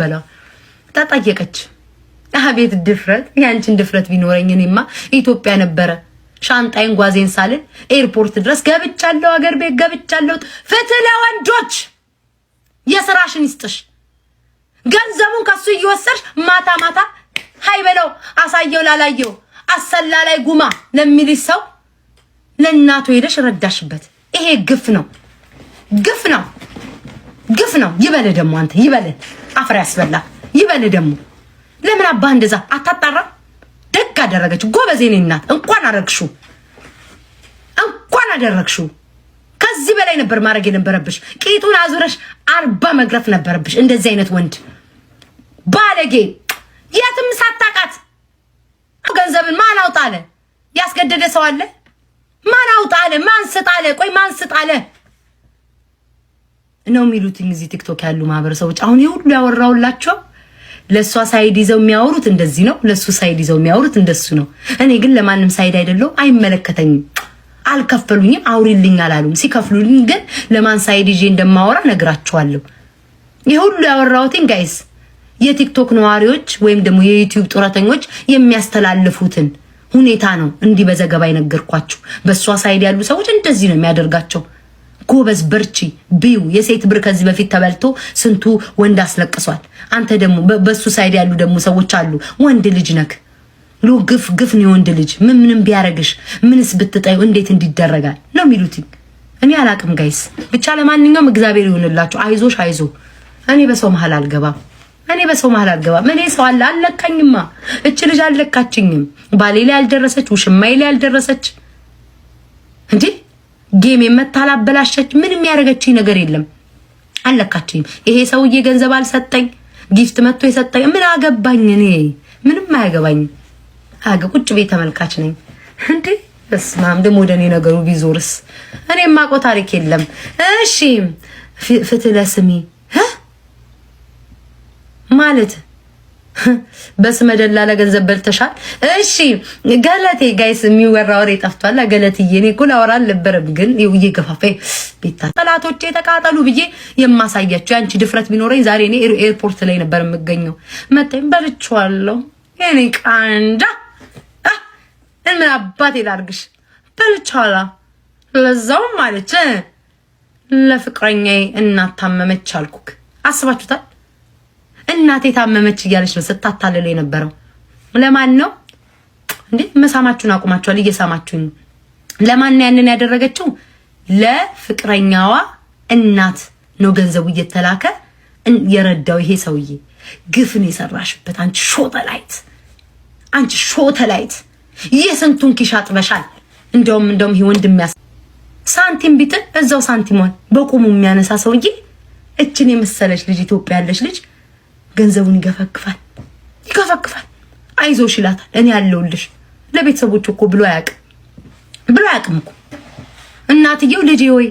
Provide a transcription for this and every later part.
ብላ ተጠየቀች። አቤት ድፍረት! ያንቺን ድፍረት ቢኖረኝ እኔማ ኢትዮጵያ ነበረ ሻንጣይን ጓዜን ሳልን ኤርፖርት ድረስ ገብቻለሁ፣ አገር ቤት ገብቻለሁ። ፍትህ ለወንዶች የስራሽን ይስጥሽ። ገንዘቡን ከሱ እየወሰድሽ ማታ ማታ ሀይ በለው አሳየው ላላየው አሰላ ላይ ጉማ ለሚል ሰው ለእናቱ ሄደሽ ረዳሽበት። ይሄ ግፍ ነው፣ ግፍ ነው፣ ግፍ ነው። ይበል ደግሞ አንተ ይበልን። አፈር ያስበላ ይበል ደግሞ ለምን አባ እንደዛ አታጣራ? ደግ አደረገች። ጎበዝ እኔ እናት እንኳን አረግሹ እንኳን አደረግሽው ከዚህ በላይ ነበር ማድረግ የነበረብሽ። ቂጡን አዙረሽ አርባ መግረፍ ነበረብሽ። እንደዚህ አይነት ወንድ ባለጌ የትም ሳታቃት ገንዘብን ማን አውጣ አለ? ያስገደደ ሰው አለ? ማን አውጣ አለ? ማን ስጥ አለ? ቆይ ማን ስጥ አለ? ነው የሚሉትኝ እዚህ ቲክቶክ ያሉ ማህበረሰቦች። አሁን ይሄ ሁሉ ያወራውላቸው ለእሷ ሳይድ ይዘው የሚያወሩት እንደዚህ ነው፣ ለእሱ ሳይድ ይዘው የሚያወሩት እንደሱ ነው። እኔ ግን ለማንም ሳይድ አይደለው፣ አይመለከተኝም፣ አልከፈሉኝም፣ አውሪልኝ አላሉም። ሲከፍሉልኝ ግን ለማን ሳይድ ይዤ እንደማወራ ነግራቸዋለሁ። ይህ ሁሉ ያወራሁትን ጋይስ የቲክቶክ ነዋሪዎች ወይም ደግሞ የዩቲዩብ ጡረተኞች የሚያስተላልፉትን ሁኔታ ነው እንዲህ በዘገባ የነገርኳችሁ። በእሷ ሳይድ ያሉ ሰዎች እንደዚህ ነው የሚያደርጋቸው። ጎበዝ በርቺ ቢዩ የሴት ብር ከዚህ በፊት ተበልቶ ስንቱ ወንድ አስለቅሷል። አንተ ደግሞ በሱ ሳይድ ያሉ ደግሞ ሰዎች አሉ። ወንድ ልጅ ነክ ሎ ግፍ ግፍ ነው የወንድ ልጅ ምን ምንም ቢያረግሽ ምንስ ብትጠዩ እንዴት እንዲደረጋል ነው የሚሉት። እኔ አላቅም ጋይስ። ብቻ ለማንኛውም እግዚአብሔር ይሆንላችሁ። አይዞሽ አይዞ። እኔ በሰው መሀል አልገባም። እኔ በሰው መሀል አልገባም። እኔ ሰው አለ አልለካኝማ። እች ልጅ አልለካችኝም። ባሌ ላይ ያልደረሰች ውሽማዬ ላይ ያልደረሰች እንዴ ጌም የመታላበላሸች ምንም ያደረገችኝ ነገር የለም። አለካችኝም። ይሄ ሰውዬ ገንዘብ አልሰጠኝ ጊፍት መጥቶ የሰጠኝ ምን አገባኝ? እኔ ምንም አያገባኝ። አገ ቁጭ ቤት ተመልካች ነኝ እንዴ? እስማም ደግሞ ወደ እኔ ነገሩ ቢዞርስ? እኔ ማቆ ታሪክ የለም። እሺ ፍትለስሚ ማለት በስመደላ ለገንዘብ በልተሻል። እሺ ገለቴ ጋይስ የሚወራ ወሬ ጠፍቷል። ገለትዬ እኔ ኩል አወራ አልነበረም፣ ግን እየገፋፋ ቤታ ጠላቶቼ የተቃጠሉ ብዬ የማሳያቸው የአንቺ ድፍረት ቢኖረኝ ዛሬ እኔ ኤርፖርት ላይ ነበር የምገኘው። መጣኝ በልቼዋለሁ። እኔ ቃንዳ ምን አባቴ ላርግሽ በልቼዋላ ለዛውም አለች ለፍቅረኛዬ እናታመመች አልኩክ። አስባችሁታል? እናቴ ታመመች እያለች ነው ስታታልሉ የነበረው። ለማን ነው እንዴ? መሳማችሁን አቁማችኋል፣ እየሰማችሁኝ ለማን ነው ያንን ያደረገችው? ለፍቅረኛዋ እናት ነው ገንዘቡ እየተላከ የረዳው ይሄ ሰውዬ። ግፍን የሰራሽበት አንቺ ሾተላይት፣ አንቺ ሾተላይት የስንቱን ኪሻ ጥበሻል። እንደውም እንደውም ይሄ ወንድ የሚያስ ሳንቲም ቢጥል እዛው ሳንቲሟን በቁሙ የሚያነሳ ሰውዬ እችን የመሰለች ልጅ ኢትዮጵያ ያለች ልጅ ገንዘቡን ይገፈግፋል ይገፈግፋል። አይዞሽ ይላታል። እኔ ያለውልሽ ለቤተሰቦች እኮ ብሎ አያውቅም ብሎ አያውቅም እኮ እናትየው ልጄ ወይ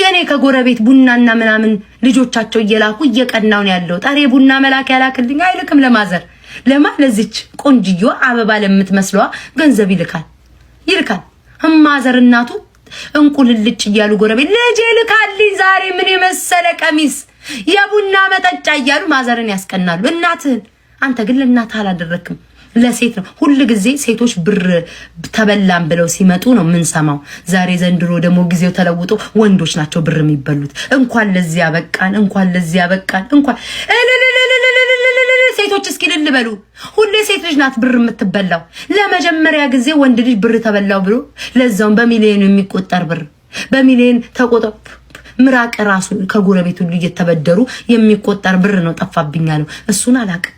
የኔ ከጎረቤት ቡናና ምናምን ልጆቻቸው እየላኩ እየቀናው ያለው። ጣሬ ቡና መላክ ያላክልኝ አይልክም። ለማዘር ለማ ለዚች ቆንጅዮ አበባ ለምትመስለዋ ገንዘብ ይልካል ይልካል። እማዘር እናቱ እንቁልልጭ እያሉ ጎረቤት ልጄ ልካልኝ ዛሬ ምን የመሰለ ቀሚስ የቡና መጠጫ እያሉ ማዘርን ያስቀናሉ። እናትህን አንተ ግን ለእናትህ አላደረክም። ለሴት ነው ሁል ጊዜ ሴቶች ብር ተበላም ብለው ሲመጡ ነው የምንሰማው። ዛሬ ዘንድሮ ደግሞ ጊዜው ተለውጦ ወንዶች ናቸው ብር የሚበሉት። እንኳን ለዚያ በቃን፣ እንኳን ለዚያ በቃን። እንኳን ሴቶች እስኪ ልልበሉ ሁሌ ሴት ልጅ ናት ብር የምትበላው። ለመጀመሪያ ጊዜ ወንድ ልጅ ብር ተበላው ብሎ ለዛውም በሚሊዮን የሚቆጠር ብር በሚሊዮን ተቆጠ ምራቅ ራሱ ሁሉ እየተበደሩ የሚቆጠር ብር ነው ጠፋብኝ አለው። እሱን አላቅም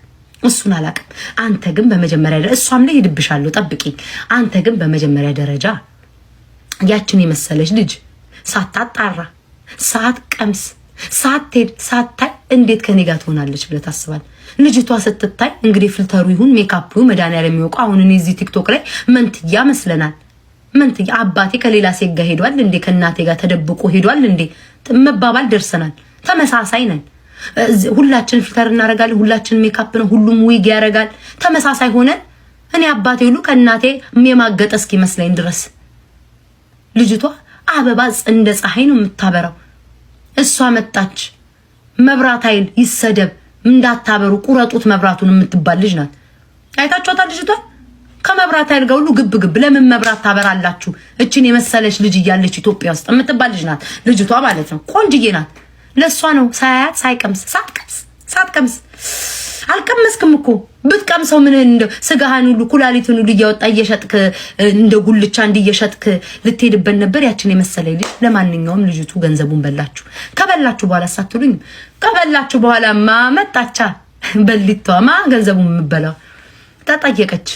እሱን አላቅም። አንተ ግን በመጀመሪያ እሷም ላይ ሄድብሻለሁ ጠብቂኝ። አንተ ግን በመጀመሪያ ደረጃ ያችን የመሰለች ልጅ ሳታጣራ ሳትቀምስ ሳትሄድ ሳታይ እንዴት ከኔ ጋር ትሆናለች ብለህ ታስባል ልጅቷ ስትታይ እንግዲህ ፍልተሩ ይሁን ሜካፕ ይሁን መድኃኒዓለም የሚወቁ አሁን እኔ እዚህ ቲክቶክ ላይ መንትያ መስለናል። ምን አባቴ ከሌላ ሴት ጋር ሄዷል እንዴ? ከእናቴ ጋር ተደብቆ ሄዷል እንዴ? መባባል ደርሰናል። ተመሳሳይ ነን። ሁላችን ፊልተር እናደርጋለን። ሁላችን ሜካፕ ነው። ሁሉም ዊግ ያደርጋል። ተመሳሳይ ሆነን እኔ አባቴ ሁሉ ከእናቴ የማገጠ እስኪመስለኝ ድረስ ልጅቷ አበባ እንደ ፀሐይ ነው የምታበራው። እሷ መጣች። መብራት ኃይል ይሰደብ እንዳታበሩ ቁረጡት መብራቱን የምትባል ልጅ ናት። አይታችኋታል ልጅቷ ከመብራት ኃይል ጋር ሁሉ ግብ ግብ ለምን መብራት ታበራላችሁ? እችን የመሰለች ልጅ እያለች ኢትዮጵያ ውስጥ የምትባል ልጅ ናት ልጅቷ ማለት ነው። ቆንጅዬ ናት። ለእሷ ነው ሳያት ሳይቀምስ ሳትቀምስ ሳትቀምስ አልቀመስክም እኮ ብትቀምሰው ምን እንደ ስጋህን ሁሉ ኩላሊትን ሁሉ እያወጣ እየሸጥክ እንደ ጉልቻ እንዲ እየሸጥክ ልትሄድበት ነበር። ያችን የመሰለ ልጅ። ለማንኛውም ልጅቱ ገንዘቡን በላችሁ። ከበላችሁ በኋላ ሳትሉኝ ከበላችሁ በኋላ ማመጣቻ በሊቷማ ገንዘቡን የምበላ ተጠየቀች።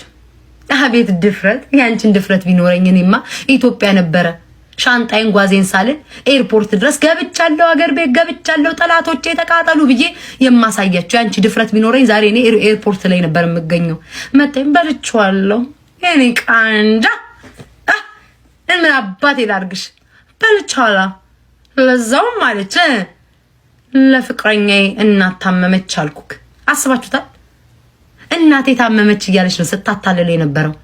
አቤት ድፍረት! ያንቺን ድፍረት ቢኖረኝ እኔማ ኢትዮጵያ ነበረ። ሻንጣይን ጓዜን ሳልን ኤርፖርት ድረስ ገብቻለሁ፣ አገር ቤት ገብቻለሁ፣ ጠላቶቼ የተቃጠሉ ብዬ የማሳያቸው። ያንቺ ድፍረት ቢኖረኝ ዛሬ እኔ ኤርፖርት ላይ ነበር የምገኘው። መጣኝ በልቼዋለሁ። የኔ ቃንዳ ምን አባቴ ላርግሽ በልቻላ ለዛውም ማለች ለፍቅረኛዬ እናታመመች አልኩክ። አስባችሁታል? እናቴ ታመመች እያለች ነው ስታታልሉ የነበረው።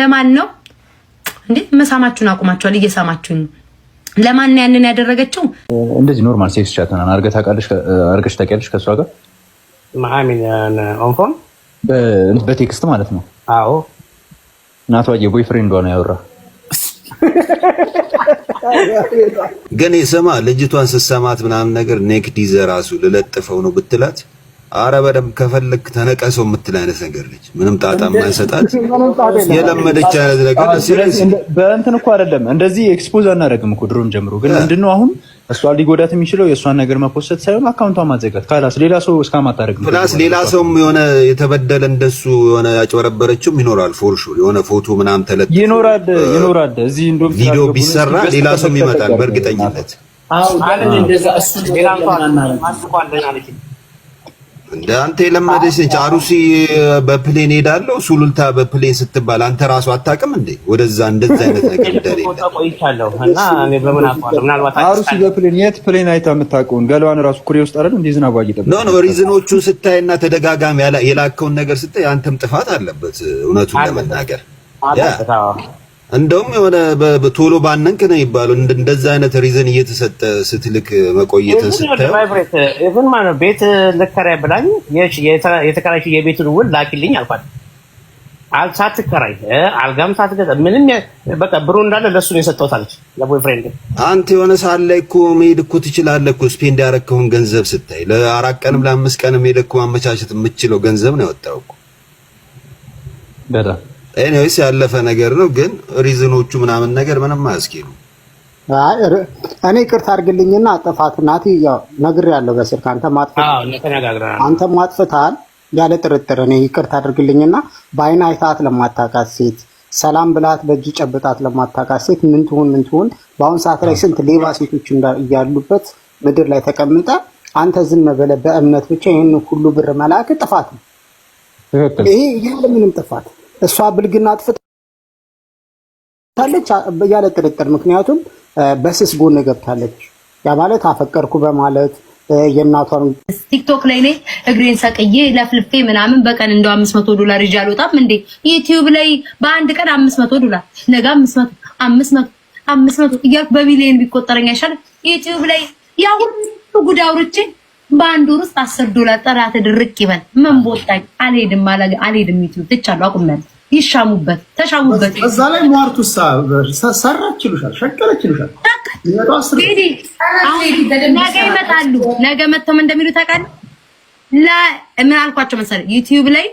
ለማን ነው እንዴ? መሳማችሁን አቁማችኋል። እየሳማችሁኝ ለማን ነው ያንን ያደረገችው? እንደዚህ ኖርማል ሴክስ ቻት ምናምን አርገሽ ታውቂያለሽ? ከእሷ ጋር ኦንፎን በቴክስት ማለት ነው። አዎ እናቷ የቦይ ነው ያወራ ግን የሰማ ልጅቷን ስሰማት ምናምን ነገር ኔክዲዘ ራሱ ልለጥፈው ነው ብትላት አረ በደምብ ከፈለክ ተነቀሰው የምትል አይነት ነገር ነች። ምንም ጣጣ ማይሰጣት የለመደች አይነት ነገር በእንትን እኮ አይደለም። እንደዚህ ኤክስፖዝ አናደርግም እኮ ድሮም ጀምሮ። ግን ምንድነው አሁን እሷ ሊጎዳት የሚችለው የእሷን ነገር መኮሰት ሳይሆን አካውንቷን ማዘጋት ካላስ ሌላ ሰው እስካማታደርግ ፕላስ ሌላ ሰውም የሆነ የተበደለ እንደሱ የሆነ ያጭበረበረችም ይኖራል። ፎርሹ የሆነ ፎቶ ምናምን ተለጥ ይኖራል ይኖራል። እዚህ እንደውም ቪዲዮ ቢሰራ ሌላ ሰውም ይመጣል በእርግጠኝነት። አሁን ማለት እንደዛ እሱ ሌላ እንኳን እንደ አንተ የለመደች ነች። አሩሲ በፕሌን ሄዳለው ሱሉልታ በፕሌን ስትባል አንተ ራሱ አታውቅም እንዴ? ወደዛ እንደዛ አይነት ነገር ደሬ አሩሲ በፕሌን የት ፕሌን አይታ የምታውቀውን ገለዋን ራሱ ኩሬ ውስጥ አይደል እንዴ? ዝናብ አይደለም። ኖ ኖ ሪዝኖቹን ስታይና ተደጋጋሚ የላከውን ነገር ስታይ አንተም ጥፋት አለበት እውነቱን ለመናገር እንደውም የሆነ በቶሎ ባነንክ ነው ይባላል። እንደዛ አይነት ሪዝን እየተሰጠ ስትልክ መቆየትን ስታየው ማለት ቤት ልከራይ ብላኝ የተከራይ የቤቱን ውል ላኪልኝ አልኳት። ከራይ አልጋም ሳት ሳትገዛ ምንም በቃ ብሩ እንዳለ ለሱ ነው የሰጠሁት አለች ለቦይፍሬንድ። አንተ የሆነ ሰዓት ላይ እኮ መሄድ እኮ ትችላለህ እኮ ስፔንድ ያደረግከውን ገንዘብ ስታይ ለአራት ቀንም ለአምስት ቀንም ሄደህ እኮ ማመቻቸት የምትችለው ገንዘብ ነው ያወጣው እኮ በጣም ኤኒዌይስ ያለፈ ነገር ነው፣ ግን ሪዝኖቹ ምናምን ነገር ምንም አያስኪ ነው። እኔ ቅርት አድርግልኝና ጥፋት ናት ነግሬያለሁ በስልክ አንተ ማጥፍታል ያለ ጥርጥር። እኔ ይቅርታ አድርግልኝና በአይን አይታት ለማታውቃት ሴት ሰላም ብላት በእጅ ጨብጣት ለማታውቃት ሴት ምን ትሁን ምን ትሁን። በአሁኑ ሰዓት ላይ ስንት ሌባ ሴቶች እያሉበት ምድር ላይ ተቀምጠ አንተ ዝም ብለህ በእምነት ብቻ ይህን ሁሉ ብር መላክ ጥፋት ነው። ይሄ ያለምንም ጥፋት እሷ ብልግና አጥፍታለች ያለ ጥርጥር። ምክንያቱም በስስ ጎን ገብታለች። ያ ማለት አፈቀርኩ በማለት የእናቷን ቲክቶክ ላይ እኔ እግሬን ሰቅዬ ለፍልፌ ምናምን በቀን እንደ አምስት መቶ ዶላር ይዤ አልወጣም እንዴ? ዩቲዩብ ላይ በአንድ ቀን አምስት መቶ ዶላር ነገ አምስት መቶ አምስት መቶ አምስት መቶ እያልኩ በቢሊየን ቢቆጠረኝ አይሻልም? ዩቲዩብ ላይ ያ ሁሉ ጉድ አውርቼ በአንድ ወር ውስጥ አስር ዶላር ጠላት ድርቅ ይበል። ምን ቦጣኝ? አልሄድም አልሄድም። ዩቲዩብ ትቻለሁ አቁሜያለሁ። ይሻሙበት፣ ተሻሙበት። እዛ ላይ ሟርቱ ሰራች ይሉሻል፣ ሸቀለች ይሉሻል። ነገ ይመጣሉ። ነገ መጥተውም እንደሚሉ ታውቃለህ። ምን አልኳቸው መሰለህ? ዩቲዩብ ላይ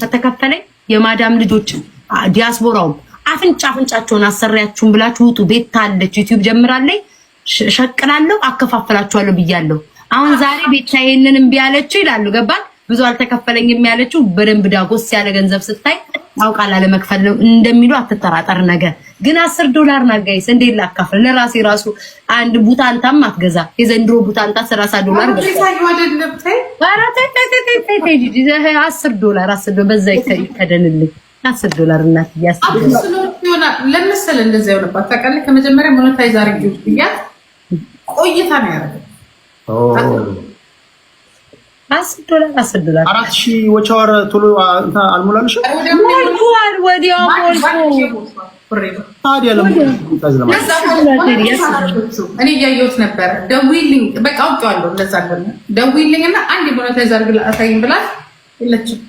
ከተከፈለኝ የማዳም ልጆች ዲያስፖራውም አፍንጫ አፍንጫቸውን አሰሪያችሁን ብላችሁ ውጡ። ቤት አለች፣ ዩቲዩብ ጀምራለች፣ ሸቅላለሁ፣ አከፋፈላችኋለሁ ብያለሁ። አሁን ዛሬ ቤታ ይሄንን እምቢ አለችው ይላሉ። ገባል ብዙ አልተከፈለኝም ያለችው በደንብ ዳጎስ ያለ ገንዘብ ስታይ አውቃ ለመክፈል ነው እንደሚሉ አትጠራጠር። ነገር ግን አስር ዶላር ናጋይስ እንዴት ላካፍል? ለራሴ ራሱ አንድ ቡታንታም አትገዛ። የዘንድሮ ቡታንታ ሰላሳ ዶላር አስር ዶላር አስር ዶላር በዛ ይከደንልኝ አስር ዶላር እናት እያስ ለምስል እንደዚ ሆነባት ታውቃለህ። ከመጀመሪያ ሞኔታይዝ አድርጊ ብያት ቆይታ ነው ያደረገው አስር ዶላር አስር ዶላር አራት ቶሎ ሞልቷል። ወዲያው እኔ እያየሁት ነበረ። በቃ አውቄዋለሁ። ለዛ እና አንድ አሳይኝ የለችም።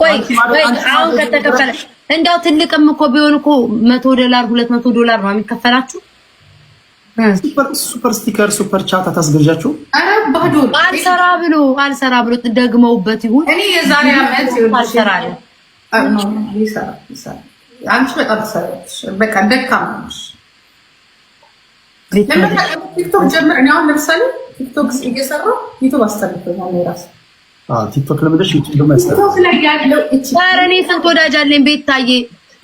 ቆይ ቆይ አሁን ከተከፈለ እንዳው ትልቅም እኮ ቢሆን እኮ መቶ ዶላር ሁለት መቶ ዶላር ነው የሚከፈላችሁ ሱፐር ስቲከር ሱፐር ቻት አታስገዣችሁ? አልሰራ ብሎ አልሰራ ብሎ ደግመውበት ይሁን እኔ የዛሬ ዓመት ነው። ቲክቶክ ጀምር። ቲክቶክ ቲክቶክ ላይ ያለው እኔ ስንት ወዳጅ አለኝ ቤት ታዬ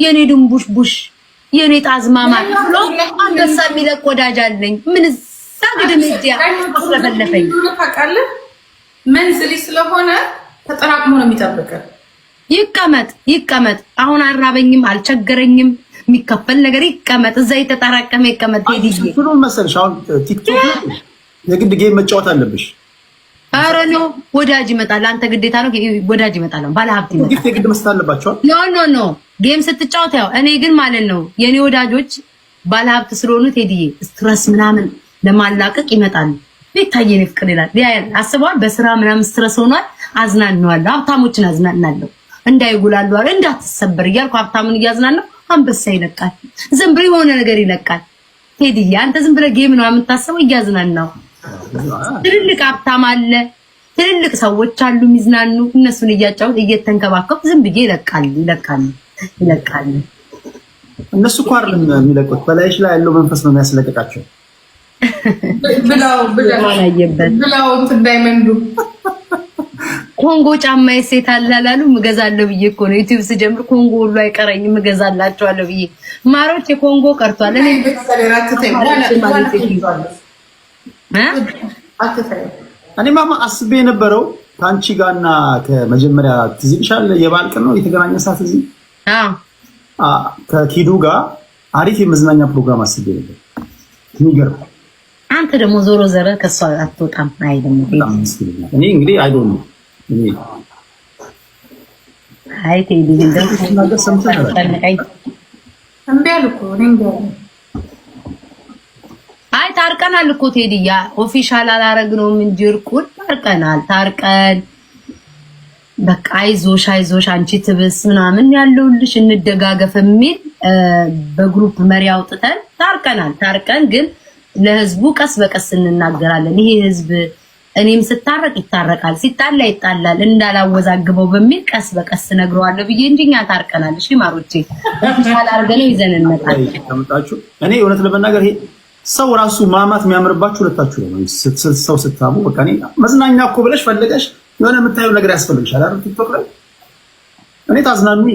የእኔ ድንቡሽ ቡሽ የኔ ጣዝማማ ብሎ አንበሳ የሚለቅ ወዳጅ አለኝ። ምን እዛ ግድም እዲያ አስለፈለፈኝ። ታውቃለህ፣ መንዝ ስለሆነ ተጠራቅሞ ነው የሚጠብቅ። ይቀመጥ ይቀመጥ። አሁን አራበኝም አልቸገረኝም። የሚከፈል ነገር ይቀመጥ፣ እዛ የተጠራቀመ ይቀመጥ። ሄድዬ ብሎ መሰለሽ አሁን ቲክቶክ የግድ ጌም መጫወት አለብሽ። አረ ነው ወዳጅ ይመጣል። አንተ ግዴታ ነው ወዳጅ ይመጣል። ባለሀብት ይመጣል። ግድ መስጠት አለባቸዋል። ኖ ኖ ኖ ጌም ስትጫወት ያው እኔ ግን ማለት ነው የኔ ወዳጆች ባለሀብት ስለሆኑ ቴዲዬ ስትረስ ምናምን ለማላቀቅ ይመጣሉ። ቤታዬ ነው ፍቅር ይላል ያያል አስበዋል። በስራ ምናምን ስትረስ ሆኗል። አዝናነዋለሁ፣ ሀብታሞችን አዝናናለሁ፣ እንዳይጉላሉ እንዳትሰበር እያልኩ ሀብታሙን እያዝናናው አንበሳ ይለቃል፣ ዝም ብሎ የሆነ ነገር ይለቃል። ቴዲዬ አንተ ዝም ብለህ ጌም ነው የምታስበው፣ እያዝናናው ትልልቅ ሀብታም አለ፣ ትልልቅ ሰዎች አሉ የሚዝናኑ፣ እነሱን እያጫወት እየተንከባከብ ዝም ብዬ ይለቃል ይለቃል። ይለቃል። እነሱ እኮ አይደለም የሚለቁት፣ በላይሽ ላይ ያለው መንፈስ ነው የሚያስለቅቃቸው። ብላው ብላው እንዳይመንዱ ኮንጎ ጫማ የሴት አለ አላሉም። እገዛለሁ ብዬ እኮ ነው ዩቲዩብ ስጀምር ኮንጎ ሁሉ አይቀረኝም እገዛላቸዋለሁ ብዬ ማሮች፣ የኮንጎ ቀርቷል። እኔ እኔማ አስቤ የነበረው ከአንቺ ጋርና ከመጀመሪያ ትዝ ይልሻል የበዓል ቀን ነው የተገናኘ ሰዓት እዚህ ከኪዱ ጋር አሪፍ የመዝናኛ ፕሮግራም አስቤ ነበር። የሚገርም አንተ ደግሞ ዞሮ ዘረ ከሷ አትወጣም። አይ እኔ እንግዲህ አይ ዶንት ኖ አይ ቴዲ አይ ታርቀናል እኮ ቴዲያ ኦፊሻል አላረግነውም እንጂ እርቁን ታርቀናል ታርቀን በቃ አይዞሽ አይዞሽ አንቺ ትብስ ምናምን ያለውልሽ እንደጋገፍ የሚል በግሩፕ መሪ አውጥተን ታርቀናል። ታርቀን ግን ለህዝቡ ቀስ በቀስ እንናገራለን። ይሄ ህዝብ እኔም ስታረቅ ይታረቃል፣ ሲጣላ ይጣላል፣ እንዳላወዛግበው በሚል ቀስ በቀስ ነግረዋለሁ ብዬ እንጂ እኛ ታርቀናል። እሺ ማሮቼ ሻል አድርገነው ይዘን እንመጣለን። እኔ እውነት ለመናገር ይሄ ሰው ራሱ ማማት የሚያምርባችሁ ሁለታችሁ ነው። ሰው ስታሙ በቃ መዝናኛ እኮ ብለሽ ፈለገሽ የሆነ የምታየው ነገር ያስፈልግሻል አይደል? ቲክቶክ ላይ እኔ ታዝናኑ